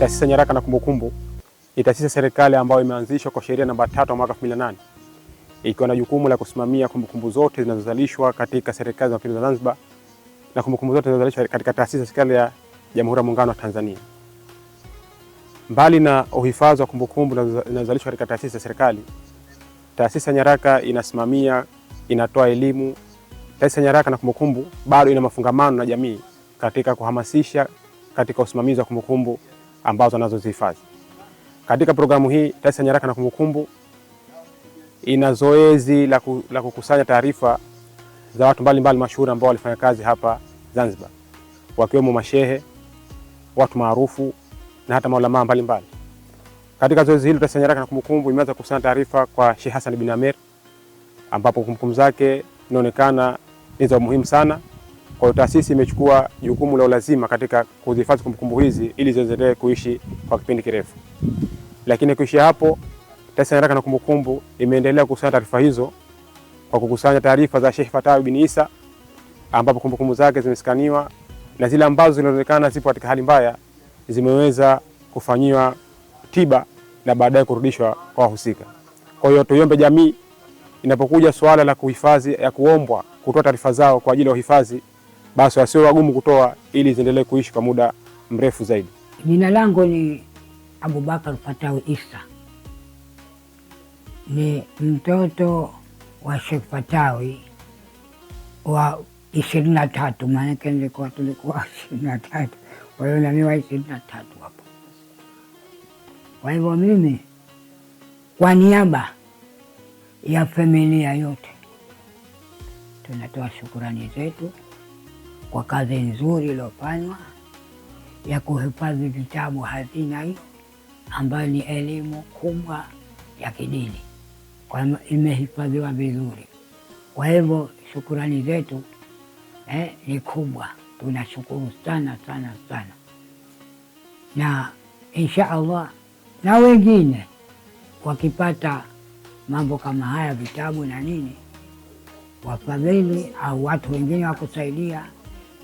Taasisi ya Nyaraka na Kumbukumbu ni taasisi ya serikali ambayo imeanzishwa kwa sheria namba tatu mwaka 2008 ikiwa na jukumu la kusimamia kumbukumbu zote zinazozalishwa katika serikali za mapinduzi ya Zanzibar na kumbukumbu zote zinazozalishwa katika taasisi ya serikali ya Jamhuri ya Muungano wa Tanzania. Mbali na uhifadhi wa kumbukumbu zinazozalishwa katika taasisi ya serikali, taasisi ya Nyaraka inasimamia, inatoa elimu. Taasisi ya Nyaraka na Kumbukumbu bado ina mafungamano na jamii katika kuhamasisha katika usimamizi wa kumbukumbu ambazo anazozihifadhi. Katika programu hii taasisi ya nyaraka na kumbukumbu ina zoezi la laku, kukusanya taarifa za watu mbalimbali mashuhuri ambao walifanya kazi hapa Zanzibar, wakiwemo mashehe, watu maarufu na hata maulamaa mbalimbali. Katika zoezi hili taasisi ya nyaraka na kumbukumbu imeanza kukusanya taarifa kwa Sheikh Hassan bin amer ambapo kumbukumbu zake inaonekana ni za muhimu sana kwa hiyo taasisi imechukua jukumu la ulazima katika kuzihifadhi kumbukumbu hizi ili ziendelee kuishi kwa kipindi kirefu. Lakini kuishia hapo, taasisi ya nyaraka na kumbukumbu imeendelea kukusanya taarifa hizo kwa kukusanya taarifa za Sheikh Fatawi bin Isa ambapo kumbukumbu zake zimeskaniwa na zile ambazo zinaonekana zipo katika hali mbaya zimeweza kufanyiwa tiba na baadaye kurudishwa kwa wahusika. Kwa hiyo tuiombe jamii inapokuja swala la kuhifadhi ya kuombwa kutoa taarifa zao kwa ajili ya uhifadhi basi wasiwe wagumu kutoa ili ziendelee kuishi kwa muda mrefu zaidi. Jina langu ni Abubakar Fatawi Isa, ni mtoto wa Sheikh Fatawi wa ishirini na tatu, maanake nilikuwa tulikuwa ishirini na tatu, kwa hiyo nami wa ishirini na tatu hapo. Kwa hivyo mimi kwa niaba ya familia yote tunatoa shukurani zetu kwa kazi nzuri iliyofanywa ya kuhifadhi vitabu hazina hii ambayo ni elimu kubwa ya kidini, kwa imehifadhiwa vizuri. Kwa hivyo shukurani zetu eh, ni kubwa, tunashukuru sana sana sana, na insha Allah na wengine wakipata mambo kama haya vitabu na nini, wafadhili au watu wengine wakusaidia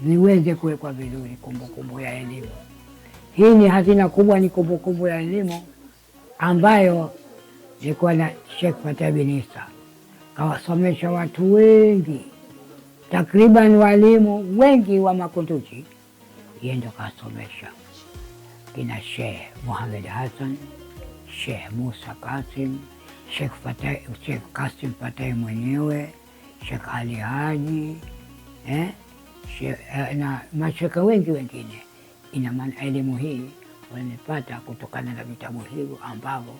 viweze kuwekwa vizuri, kumbukumbu ya elimu. Hii ni hazina kubwa, ni kumbukumbu ya elimu ambayo ilikuwa na Sheikh Fatah bin Isa, kawasomesha watu wengi, takriban walimu wengi wa Makunduchi, yeye ndo kawasomesha kina Sheikh Muhammad Hassan, Sheikh Musa Kasim, Sheikh Kasim fatai mwenyewe, Sheikh Ali Haji eh? Eh, na mashaka wengi wengine. Ina maana elimu hii wamepata kutokana na vitabu hivyo ambavyo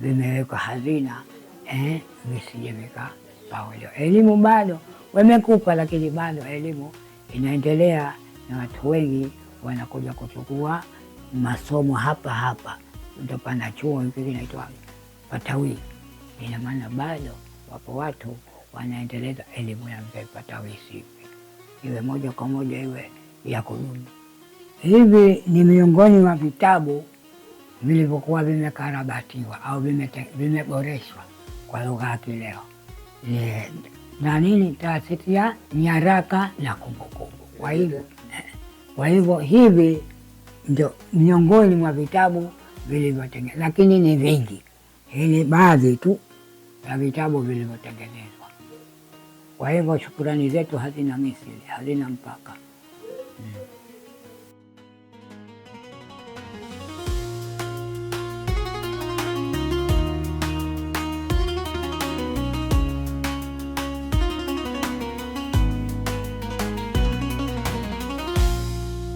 vimewekwa hazina eh, visije vikapaoleo. Elimu bado wamekupa, lakini bado elimu inaendelea na watu wengi wanakuja kuchukua masomo hapa hapa, ndio pana chuo hiki kinaitwa Patawi. Ina maana bado wapo watu wanaendeleza elimu ya Mzee Patawi iwe moja kwa moja iwe ya kudumu. Hivi ni miongoni mwa vitabu vilivyokuwa vimekarabatiwa au vimeboreshwa kwa lugha ya kileo na nini, taasisi ya nyaraka na kumbukumbu. Kwa hivyo kwa hivyo hivi ndio miongoni mwa vitabu vilivyotengenezwa, lakini ni vingi. Hili baadhi tu ya vitabu vilivyotengenezwa. Kwa hivyo shukurani zetu hazina misili, hazina mpaka mm.